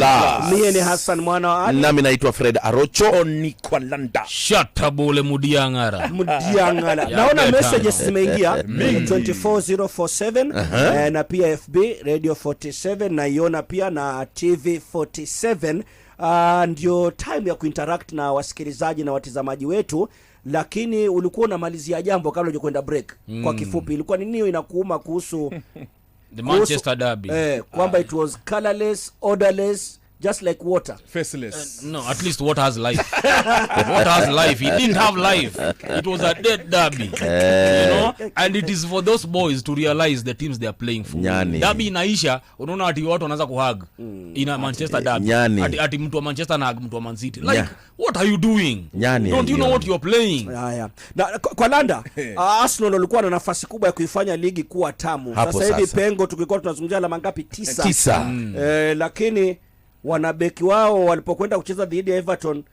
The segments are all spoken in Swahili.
Plus. Mie ni Hassan mwana wa Ali. Nami naitwa Fred Arocho Onikwalanda. Shatabule Mudiangara. Mudiangara. Naona messages zimeingia 24047 eh, na pia FB Radio 47 naiona pia na TV 47 Uh, ndio time ya kuinteract na wasikilizaji na watizamaji wetu, lakini ulikuwa unamalizia jambo kabla hujakwenda break. Mm. Kwa kifupi, ilikuwa ninio inakuuma kuhusu the Manchester derby eh, kwamba it was colorless, orderless just like water faceless uh, no at least water has life water has life he didn't have life it was a dead derby you know and it is for those boys to realize the teams they are playing for nyani. derby inaisha unaona ati watu wanaanza kuhug mm. a manchester derby nyani. ati, ati mtu wa manchester na mtu wa man city like yeah. what are you doing nyani, don't you know nyani. what you are playing yeah, yeah. Na, kwa, landa uh, arsenal walikuwa na nafasi kubwa ya kuifanya ligi kuwa tamu Hapo sasa hivi pengo tukikuwa tunazungumzia alama ngapi tisa, tisa. Mm. Eh, lakini wanabeki wao walipokwenda kucheza dhidi ya Everton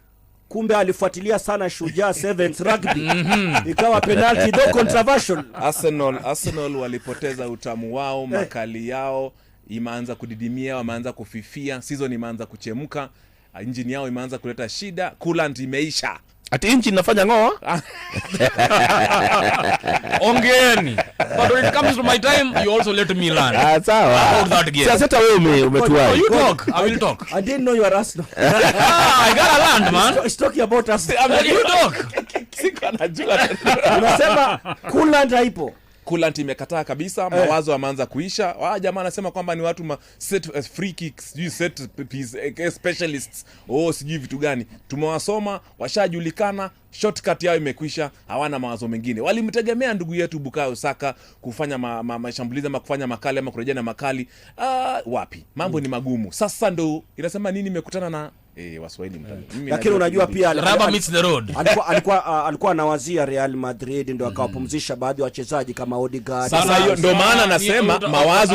kumbe alifuatilia sana Shujaa Sevens Rugby, mhm. ikawa penalty though controversial. Arsenal, Arsenal walipoteza utamu wao, eh. makali yao imeanza kudidimia, wameanza kufifia, season imeanza kuchemka, injini yao imeanza kuleta shida, coolant imeisha. Ati nchi inafanya ng'oa. Ongeeni. But when it comes to my time, you also let me learn. Ah, sawa. About that game. Sasa hata wewe ume umetuai. Oh, you talk. I will talk. I didn't know you are Arsenal. ah, I got a land man. It's talking about us. you talk. sikana jula Unasema Kuland haipo. Coolant imekataa kabisa, eh. mawazo ameanza kuisha. Ah, jamaa anasema kwamba ni watu ma set eh, free kicks, sijui set piece eh, specialists, oh sijui vitu gani. Tumewasoma, washajulikana, shortcut yao imekwisha, hawana mawazo mengine. Walimtegemea ndugu yetu Bukayo Saka kufanya ma, ma, mashambulizi ama kufanya makali ama kurejea na makali. uh, wapi? Mambo ni magumu. Sasa ndo inasema nini, imekutana na Eh, eh. Lakini unajua pia alikuwa anawazia Real Madrid ndo akawapumzisha mm. baadhi ya wachezaji kama Odegaard. maana anasema mawazo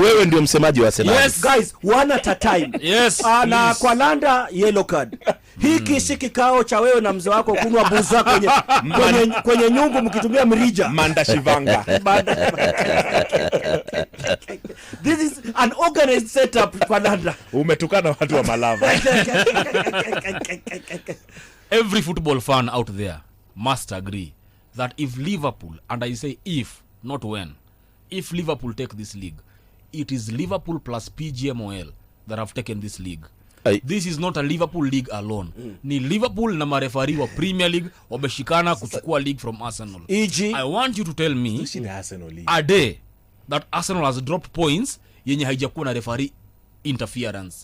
Wewe ndio msemaji wa ah, Na kwa Landa yellow card. Hiki hmm. si kikao cha wewe na mzee wako kunwa buza kwenye kwenye, kwenye nyungu mkitumia mrija. Manda organized setup umetukana watu wa malava every football fan out there must agree that if liverpool and i say if not when if liverpool take this league it is liverpool plus pgmol that have taken this league this is not a liverpool league alone mm. ni liverpool na marefari wa premier league wameshikana kuchukua league from arsenal e i want you to tell me a day that arsenal has dropped points yenye haijakuwa na referee interference.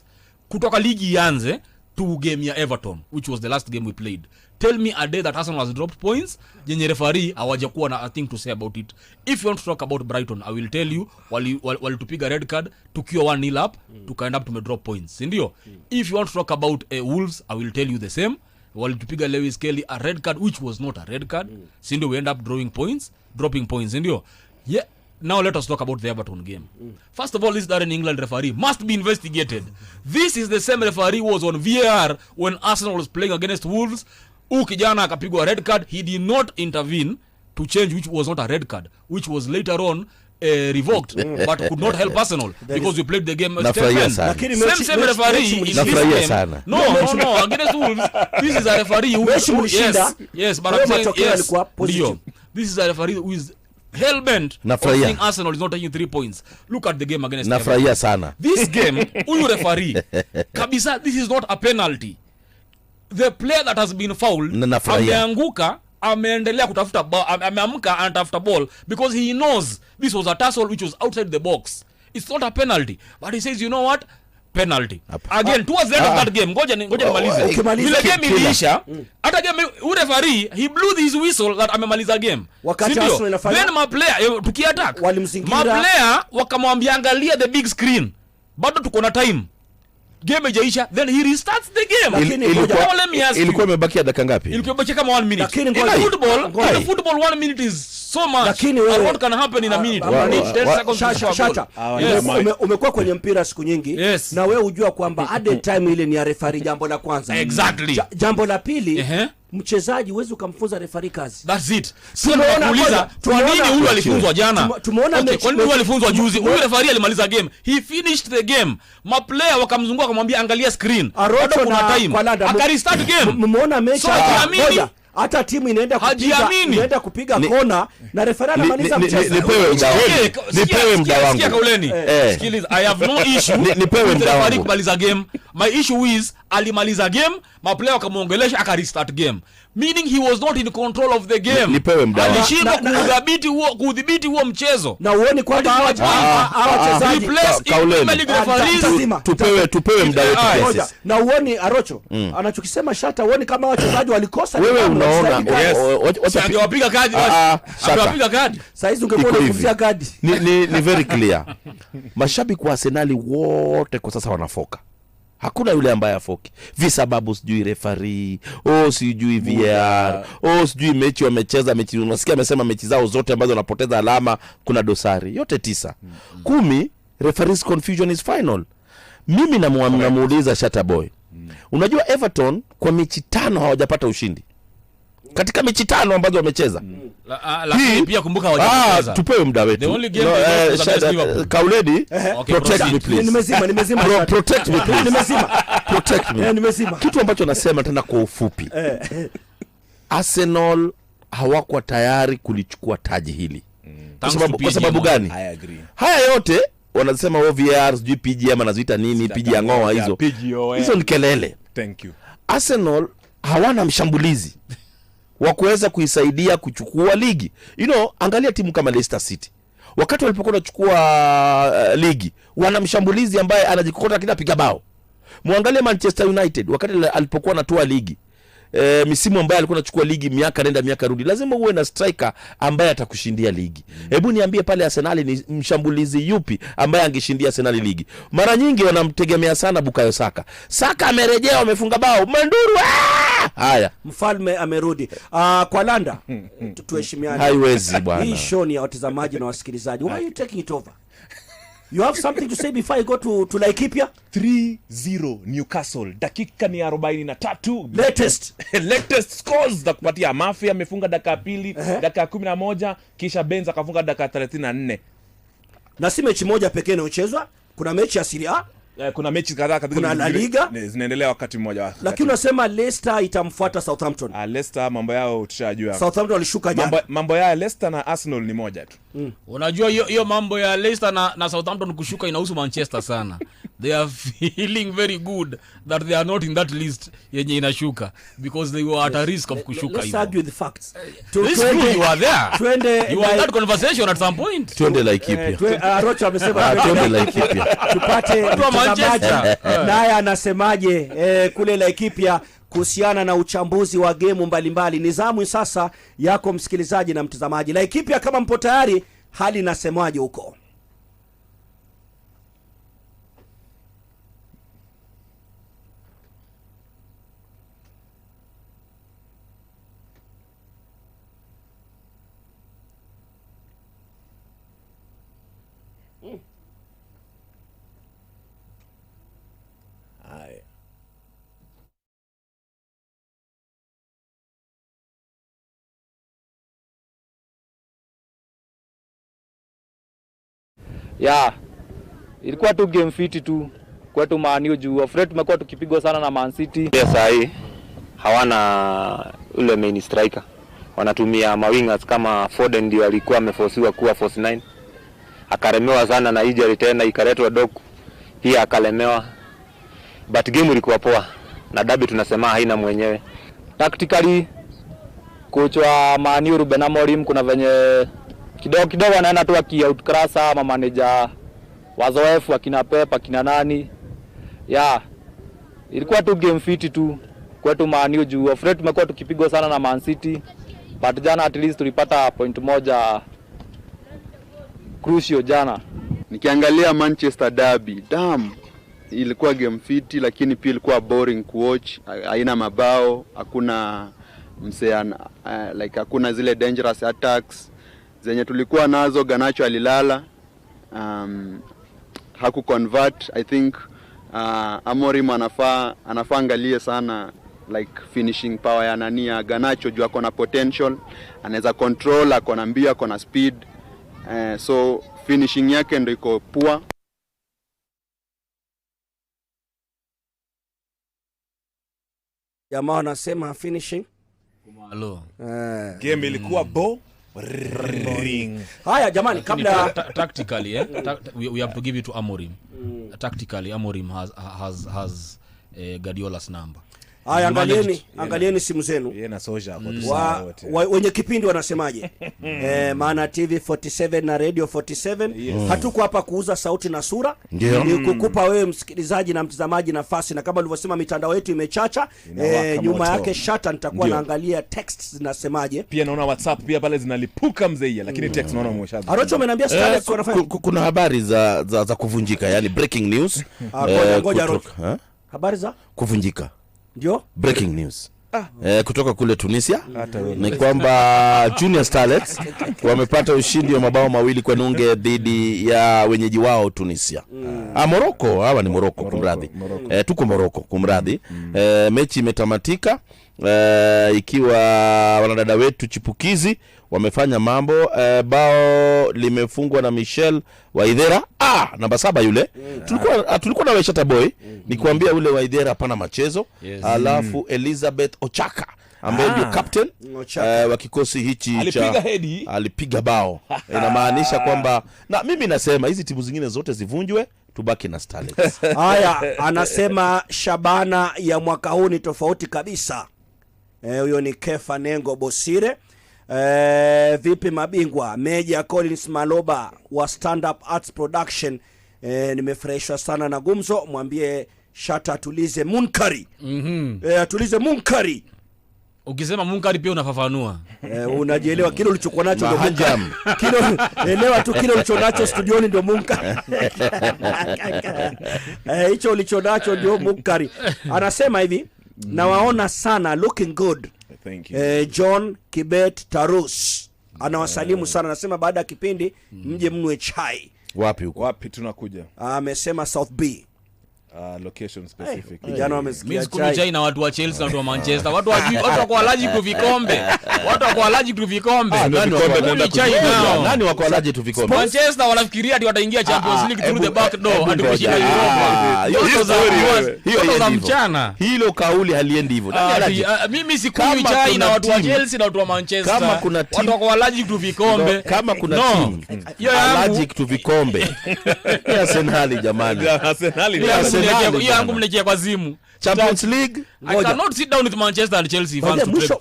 Kutoka ligi ianze tu game ya Everton which was the last game we played. Tell me a day that Arsenal has dropped points yenye referee hawajakuwa na a thing to say about it. If you want to talk about Brighton, I will tell you walitupiga wali, wali red card tukiwa one nil up mm. tukaenda up tumedrop points, si ndio? Mm. If you want to talk about uh, Wolves, I will tell you the same walitupiga Lewis Kelly a red card which was not a red card, mm. si We end up drawing points, dropping points, si ndio? Yeah, now let us talk about the Everton game. Mm. First of all, this Darren England referee must be investigated. this is the same referee was on VAR when Arsenal was playing against Wolves. ukijana kijana akapigwa red card, he did not intervene to change which was not a red card, which was later on uh, revoked but could not help Arsenal because we played the game uh, same same referee in this game. Sana. No, no, no, against Wolves this is a referee who, who yes, yes, but I'm saying yes. Leo, This is a referee who is hellbent nafurahia Arsenal is not taking three points. Look at the game sana this game huyu referee kabisa, this is not a penalty. The player that has been fouled ameanguka ameendelea kutafuta ameamka anatafuta ball because he knows this was a tassel which was outside the box. It's not a penalty but he says you know what penalty again ah. towards the end of ah. that game, ngoja ngoja oh, nimalize oh, ile game iliisha. Hata game u referee he blew his whistle that amemaliza game, wakati Arsenal inafanya then ma player eh, tuki attack, ma player wakamwambia angalia the big screen, bado tuko na time, game ijaisha, then he restarts the game. Ilikuwa imebakia dakika ngapi? Ilikuwa imebakia kama 1 minute. In football, in football 1 minute is so much lakini umekuwa kwenye mpira siku nyingi yes. na wewe hujua kwamba time ile ni ya refari jambo la kwanza exactly ja, jambo la pili uh-huh mchezaji huwezi ukamfunza refari kazi. game. He finished the game. wakamzungua akamwambia angalia screen. Bado kuna time. game. Mmeona mechi hata timu inaenda kupiga inaenda kupiga kona na refa anamaliza mchezo. Nipewe muda wangu. nipewe muda wangu. Eh. Sikiliza, I have no issue. Nipewe muda wangu. Kumaliza game My issue is alimaliza game, maplayer akamwongelesha aka restart game, meaning he was not in control of the game. Nipewe alishindwa kudhibiti huo kudhibiti huo mchezo, na uone kwamba hawa wachezaji tupewe tupewe mda wetu, na uone Arocho mm. anachokisema Shata, uone kama wachezaji walikosa. Wewe unaona angewapiga kadi, angewapiga ah, kadi. Sasa hizi ungekuwa unakufia kadi. Ni very clear, mashabiki wa Arsenal wote kwa sasa wanafoka hakuna yule ambaye afoki visababu, sijui refari oh, sijui o oh, sijui mechi wamecheza mechi, unasikia amesema mechi zao zote ambazo wanapoteza alama kuna dosari yote tisa mm-hmm. kumi refari's confusion is final. Mimi namuuliza Shatta mm. unajua Everton kwa mechi tano hawajapata ushindi katika mechi tano ambazo wamecheza mm. ah, ah, Tupewe muda wetu. ambacho nasema tena kwa ufupi. Arsenal hawakwa tayari kulichukua taji hili. Mm. Kwa sababu, kwa sababu gani? Haya yote wanasema OVR oh, sijui PGM anaziita nini ya ngoa hizo. Hizo ni kelele. Arsenal hawana mshambulizi wa kuweza kuisaidia kuchukua ligi. You know, angalia timu kama Leicester City wakati walipokuwa wanachukua uh, ligi, wana mshambulizi ambaye anajikokota lakini apiga bao. Mwangalie Manchester United wakati alipokuwa anatoa ligi e, misimu ambayo alikuwa anachukua ligi miaka nenda miaka rudi, lazima uwe na striker ambaye atakushindia ligi. Mm. Hebu mm. niambie pale Arsenal ni mshambulizi yupi ambaye angeshindia Arsenal ligi? Mara nyingi wanamtegemea sana Bukayo Saka. Saka amerejea, wamefunga bao Manduru. Ah! Haya, mfalme amerudi. Uh, kwa landa hmm, hmm, tuheshimiane, haiwezi bwana. Hii show ni ya watazamaji na wasikilizaji. Why are you taking it over? You have something to say before you go to, to Laikipia? 3-0 Newcastle. Dakika ni 43. Latest. Latest scores za kupatia Mafia amefunga dakika pili, uh -huh. dakika moja, kisha Benz akafunga dakika 34. Na si mechi moja pekee inayochezwa. Kuna mechi ya Serie A. Eh, kuna mechi kadhaa kadhaa kuna La Liga zinaendelea wakati mmoja wakati. Lakini unasema Leicester itamfuata Southampton. Ah, Leicester mambo yao tushajua. Southampton walishuka jana. Mambo, mambo yao Leicester na Arsenal ni moja tu. Mm. Unajua hiyo mambo ya Leicester na, na Southampton kushuka inahusu Manchester sana. They are feeling very good that they are not in that list yenye inashuka because they were at a risk of kushuka. Let's argue the facts. Eh, to This twende, you are there. Twende you like, that conversation at some point. Twende Laikipia. Eh, uh, ah, Rocho amesema twende Laikipia. Tupate Manchester. naye anasemaje eh, kule Laikipia kuhusiana na uchambuzi wa gemu mbalimbali. Ni zamu sasa yako msikilizaji na mtazamaji. ikipya kama mpo tayari, hali inasemaje huko? yeah. Ilikuwa tu game fit tu kwetu Man U juu Afraid tumekuwa tukipigwa sana na Man City. Pia saa hii hawana ule main striker, wanatumia mawingers kama Foden ndio alikuwa ameforsiwa kuwa force 9. akaremewa sana na injury tena ikaletwa Doku pia akalemewa, but game ilikuwa poa na dabi tunasema haina mwenyewe. Tactically kocha wa Man U Ruben Amorim kuna venye kidogo kidogo anaenda tu outcross ama manager wazoefu akina Pepa akina nani ya yeah. Ilikuwa tu game fit tu kwetu Man juu of tumekuwa tukipigwa sana na Man City, but jana at least tulipata point moja crucial jana. Nikiangalia Manchester derby, damn, ilikuwa game fit, lakini pia ilikuwa boring kuwatch, haina mabao, hakuna mseana, uh, eh, like hakuna zile dangerous attacks zenye tulikuwa nazo, Ganacho alilala, um, haku convert I think uh, Amorim anafaa anafaa angalie sana like finishing power ya nani ya Ganacho juu ako na potential, anaweza control, ako na mbio, ako na speed uh, so finishing yake ndio iko poor. Jamaa anasema finishing Kumalo. Uh, game ilikuwa mm. bo Haya jamani, kabla tactically eh, we, we have to give it to Amorim. Mm. Tactically Amorim has has has uh, Guardiola's number Haya, angalieni angalieni simu zenu mm. wenye kipindi wanasemaje? E, maana TV 47 na Radio 47 yes. Mm. Hatuko hapa kuuza sauti na sura, ni kukupa wewe msikilizaji na mtazamaji nafasi, na kama ulivyosema mitandao yetu imechacha e, nyuma yake shata nitakuwa naangalia texts zinasemaje. Pia naona WhatsApp pia pale zinalipuka mzee, lakini text naona umeshaanza. Arocho ameniambia eh, kuna habari za za, za kuvunjika, yani breaking news. Ah, ngoja eh, ngoja, Arocho habari za kuvunjika ndio breaking news Ah. Eh, kutoka kule Tunisia ni kwamba Junior Starlets wamepata ushindi wa mabao mawili kwa nunge dhidi ya wenyeji wao Tunisia. Mm. Ah, Morocco, hawa ni Morocco kumradhi. Eh, tuko Morocco kumradhi. Mm. Eh, mechi imetamatika eh, ikiwa wanadada wetu chipukizi wamefanya mambo eh, bao limefungwa na Michel Waidhera. Ah, namba saba yule tulikuwa ah, tulikuwa na Waisha Taboy mm, nikwambia yule Waidhera hapana machezo yes. Alafu mm, Elizabeth Ochaka ambaye ndio ah. captain eh, wa kikosi hichi cha alipiga bao inamaanisha kwamba na mimi nasema hizi timu zingine zote zivunjwe tubaki na Starlets. Haya, anasema Shabana ya mwaka huu ni tofauti kabisa. Eh, huyo e, ni Kefa Nengo Bosire E, vipi mabingwa? Meja Collins Maloba wa Stand Up Arts Production. E, nimefurahishwa sana na gumzo, mwambie Shata atulize munkari. mm -hmm. E, eh, atulize munkari. Ukisema munkari pia unafafanua e, unajielewa kile ulichokuwa nacho ndio munkari. Kile elewa tu kile ulicho nacho studioni ndio munkari hicho e, ulicho nacho ndio munkari. Anasema hivi, nawaona sana looking good Thank you. Eh, John Kibet Tarus anawasalimu sana, anasema baada ya kipindi mm-hmm. mje mnwe chai. Wapi huko? Wapi tunakuja? Amesema South B. Uh, location specifically. Vijana wamesikia chai. chai na watu wa Chelsea na watu wa Manchester. Watu wajui watu wako allergic tu vikombe. Watu wako allergic tu vikombe. Ah, nani wako allergic chai nao? Nani wako allergic tu vikombe? Manchester wanafikiria ati wataingia ah, Champions ah, League through the back door ati kushinda Europa. Ah, hiyo hiyo za mchana. Hilo kauli haliendi hivyo. Mimi sikunywi chai na watu wa Chelsea na watu wa Manchester. Kama kuna timu watu wako allergic tu vikombe. Kama kuna timu allergic tu vikombe. Arsenal jamani. Arsenal mlejea kwa zimu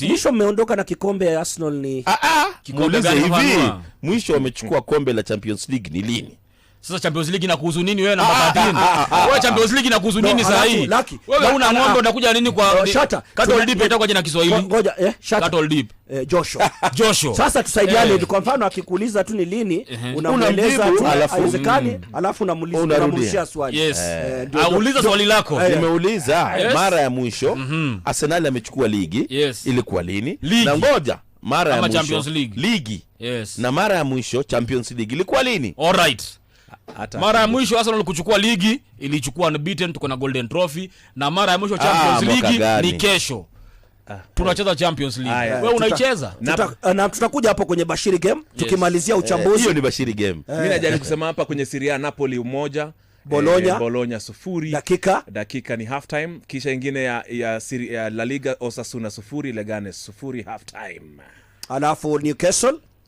mwisho, mmeondoka na kikombe ya Arsenal ni ah, ah. hivi mwisho wamechukua kombe la Champions League ni lini? Sasa Champions League inakuhusu nini wewe na mabatini? Ah, ah, ah, wewe Champions League inakuhusu nini sasa hii? Wewe una ng'ombe unakuja nini kwa oh, Shata? Cattle Deep itakuwa jina Kiswahili. Ngoja eh, Shata. Cattle Deep. Eh, Joshua. Joshua. Sasa tusaidiane eh. kwa mfano akikuuliza tu ni lini eh. unamweleza tu haiwezekani mm. alafu unamuuliza unamrudishia swali. Yes. Eh, auliza swali lako. Nimeuliza mara ya mwisho mhm. Arsenal amechukua ligi ilikuwa lini? Na ngoja mara ya mwisho ligi. Yes. Na mara ya mwisho Champions League ilikuwa lini? All right. Hata mara ya mwisho Arsenal kuchukua ligi ilichukua unbeaten, tuko na golden trophy, na mara ya mwisho Champions ah, League gani? ni kesho ah, tunacheza Champions League. Wewe unaicheza Tuta, na tutakuja hapo kwenye Bashiri game tukimalizia eh, uchambuzi. Hiyo ni Bashiri game. Eh. Mimi najaribu kusema hapa kwenye Serie A Napoli umoja eh, Bologna, e, Bologna sufuri dakika, dakika ni half time, kisha ingine ya, ya, ya La Liga Osasuna sufuri Leganes sufuri half time, alafu Newcastle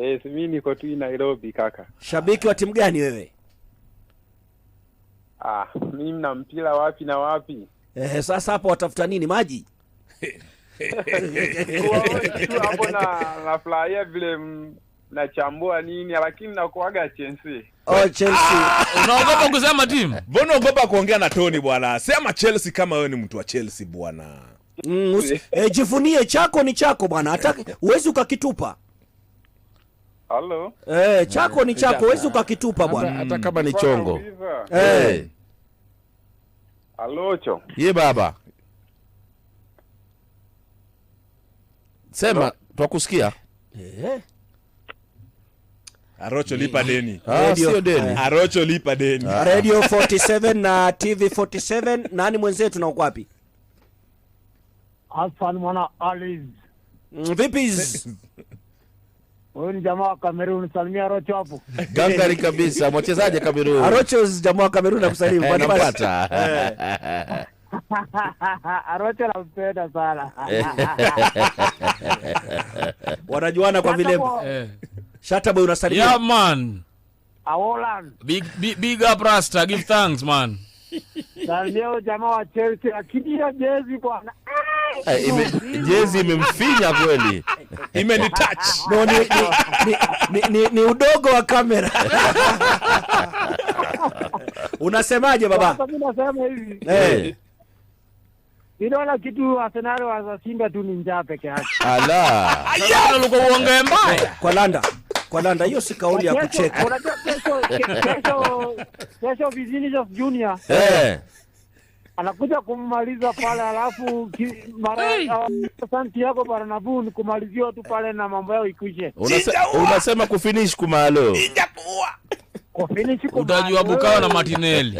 Eh, mimi niko tu Nairobi kaka. Shabiki wa timu gani wewe? Ah, mimi na mpira wapi na wapi? Eh, sasa hapo watafuta nini maji? Hapo na nafurahia vile nachambua nini lakini nakuaga Chelsea. Oh, Chelsea. Ah! Unaogopa kusema timu? Mbona unaogopa kuongea na Tony bwana? Sema Chelsea kama wewe ni mtu wa Chelsea bwana. Mm, eh, chako ni chako bwana. Hata huwezi ukakitupa. Halo. Eh, chako ni eh, chako, eh, huwezi eh. ukakitupa bwana, hata kama ni chongo. Eh. cho. Ye baba. Sema twakusikia. Eh. Arocho lipa deni. Ah, sio deni. Arocho lipa deni. Ah. Radio 47 na TV 47 nani mwenzetu na uko wapi? Hassan mwana Aliz. Mm, vipi? Huyu ni jamaa wa Kamerun, salimia Arocho hapo. Gangari kabisa, mchezaji Kamerun. Arocho ah, jamaa wa Kamerun nakusalimu. Eh, Napata. Arocho nampenda sana. Wanajuana kwa vile eh. Shataboy unasalimia. Yeah man. Awolan. Big, big, big up Rasta, give thanks man. Salimia jamaa wa Chelsea, akidia jezi bwana. Ah! Eh, jezi imemfinya kweli, imenitouch. No, ni, ni, ni, ni, ni udogo wa kamera unasemaje baba? Nasema eh. kitu tu ni njaa peke eh, landa. Kwa landa hiyo si kauli ya kucheka. kesho Junior anakuja kummaliza pale, alafu ah, yako Bernabeu ni kumaliziwa tu pale na mambo yao ikuishe. Unasema kufinish kumalo utajua Bukawa na Martinelli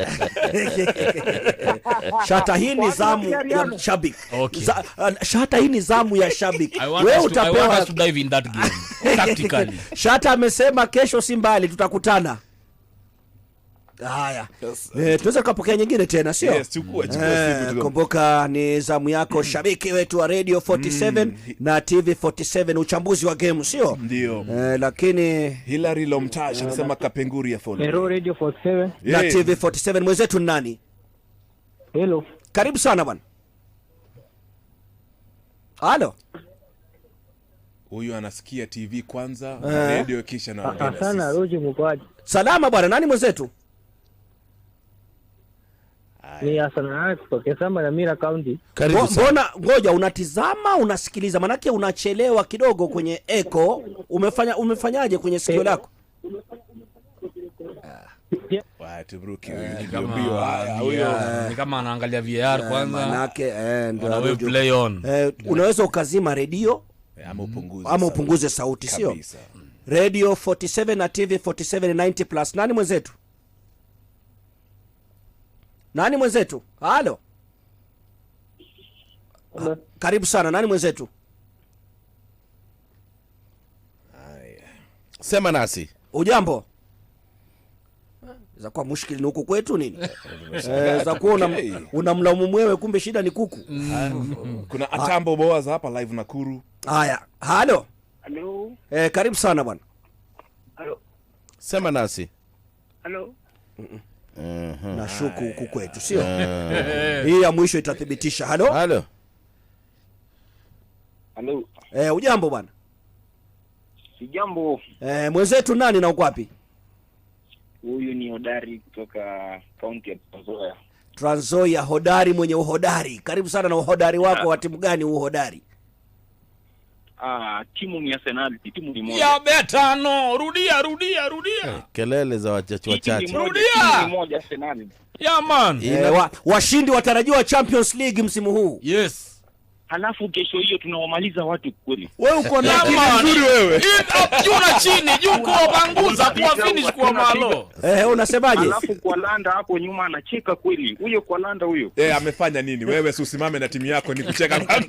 shata hii ni zamu ya shabik. Okay. Za, uh, shata hii ni zamu ya shabik. We utapewa shata. Amesema kesho si mbali, tutakutana Haya, yes. E, tunaweza kupokea nyingine tena sio? Yes, chukua, chukua, e, kumbuka ni zamu yako mm. shabiki wetu wa Radio 47 mm. na TV 47 uchambuzi wa game sio? Ndio. E, lakini Hilary Lomtash anasema uh, kapenguri ya phone. Hello Radio 47 na TV 47 mwenzetu nani? Hello. Karibu sana bwana. Halo. Huyu anasikia TV kwanza, uh, radio kisha na. Asante Roger mkwaji. Salama bwana, nani mwenzetu? ni Asana kutokea Maramira County. Karibu sana. Mbona ngoja, unatizama unasikiliza, manake unachelewa kidogo kwenye echo. Umefanya umefanyaje kwenye sikio eh. lako? Ah. Eh, eh. anaangalia VAR kwanza, manake unaweza ukazima redio ama mm. upunguze sauti, sio redio 47 na TV 47 90 plus nani mwenzetu nani mwenzetu? Halo, karibu sana. Nani mwenzetu? Sema nasi. Ujambo? za kuwa mushkili ni huku kwetu nini? E, za kuwa una, unamlaumu mwewe, kumbe shida ni kuku. Mm. Kuna atambo boa za hapa live Nakuru. Haya, halo halo. E, karibu sana bwana. Halo, sema nasi. Halo. Mhm. Nashuku huku kwetu, sio eh. hii ya mwisho itathibitisha. Halo, halo, halo. Eh, ujambo bwana? Sijambo. e, mwenzetu nani na ukwapi Huyu ni hodari kutoka kaunti ya Trans tranzoya hodari mwenye uhodari. Karibu sana na uhodari wako wa timu gani uhodari? uh, timu ni Arsenal, timu ni moja ya beta no. Rudia rudia rudia, hey, eh, kelele za wachache wachache, rudia ni moja Arsenal ya man yeah, wa, washindi watarajiwa Champions League msimu huu yes Halafu kesho hiyo tunawamaliza watu kweli. Wewe uko na akili nzuri wewe. Ah, juu na chini, juu kwa banguza kwa finish kwa malo. Eh, unasemaje? Halafu kwa Landa hapo nyuma anacheka kweli. Huyo kwa Landa huyo. Eh, amefanya nini? Wewe si usimame na timu yako ni kucheka.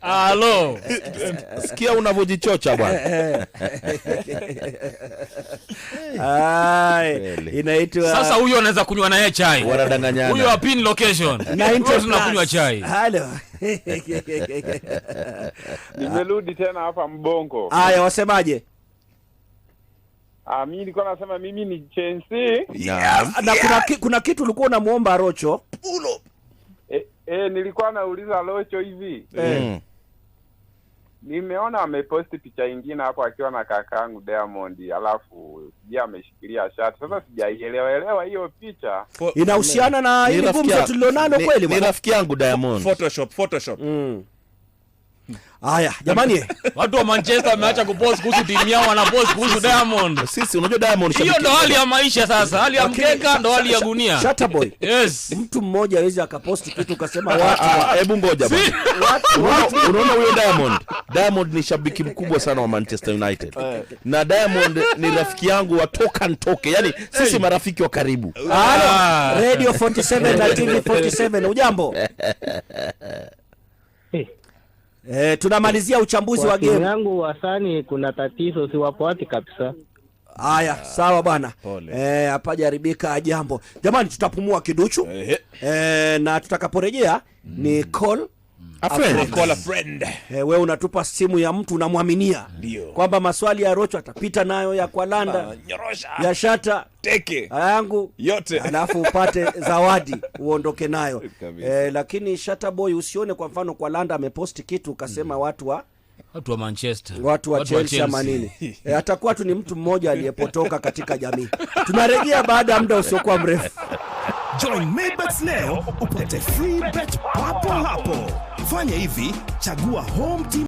Alo, sikia unavyojichocha bwana. Inaitwa sasa, huyo anaweza kunywa naye chai, wanadanganyana. Huyo apin location tunakunywa chai. Halo. Nimerudi tena hapa Mbongo. Haya, wasemaje? Ah, mimi nilikuwa nasema mimi ni Chensi. Yeah. Yeah. Na kuna, ki, kuna kitu ulikuwa unamuomba Rocho. Pulo. E, nilikuwa nauliza Locho hivi eh. mm. Nimeona ameposti picha nyingine hapo akiwa na kakangu Diamond, alafu sijui ameshikilia shati. Sasa sijaielewa elewa hiyo picha inahusiana na ile gumzo tulilonalo kweli. Ni rafiki yangu Diamond. Photoshop, Photoshop. Mm. Haya jamani, watu wa Manchester wameacha kupost kuhusu timu yao, wanapost kuhusu Diamond. Sisi unajua Diamond, hiyo ndo hali ya maisha sasa, hali ya mkeka ndo hali ya gunia. shataboy yes, mtu mmoja awezi akapost kitu ukasema watu, ah, ah, hebu ngoja watu. Unaona huyo Diamond, Diamond ni shabiki mkubwa sana wa Manchester United eh. na Diamond ni rafiki yangu watoka ntoke, yani sisi marafiki wa karibu. Ah. Radio 47 na TV 47, ujambo E, tunamalizia uchambuzi kwa wa game yangu wasani, kuna tatizo, siwafuati kabisa. Haya, sawa bwana, eh, hapa e, jaribika jambo jamani, tutapumua kiduchu e, na tutakaporejea mm, ni call Mm. Eh, we unatupa simu ya mtu unamwaminia mm. kwamba maswali ya Rocho atapita nayo ya Kwalanda landa ah, ya Shata teke yangu yote, alafu upate zawadi uondoke nayo e, lakini Shata boy usione kwa mfano Kwalanda ameposti kitu ukasema hmm. watu wa watu wa Manchester, watu wa Chelsea manini e, eh, atakuwa tu ni mtu mmoja aliyepotoka katika jamii. Tunarejea baada ya muda usiokuwa mrefu. Join Maybet leo upate free bet papo hapo. Fanya hivi, chagua home team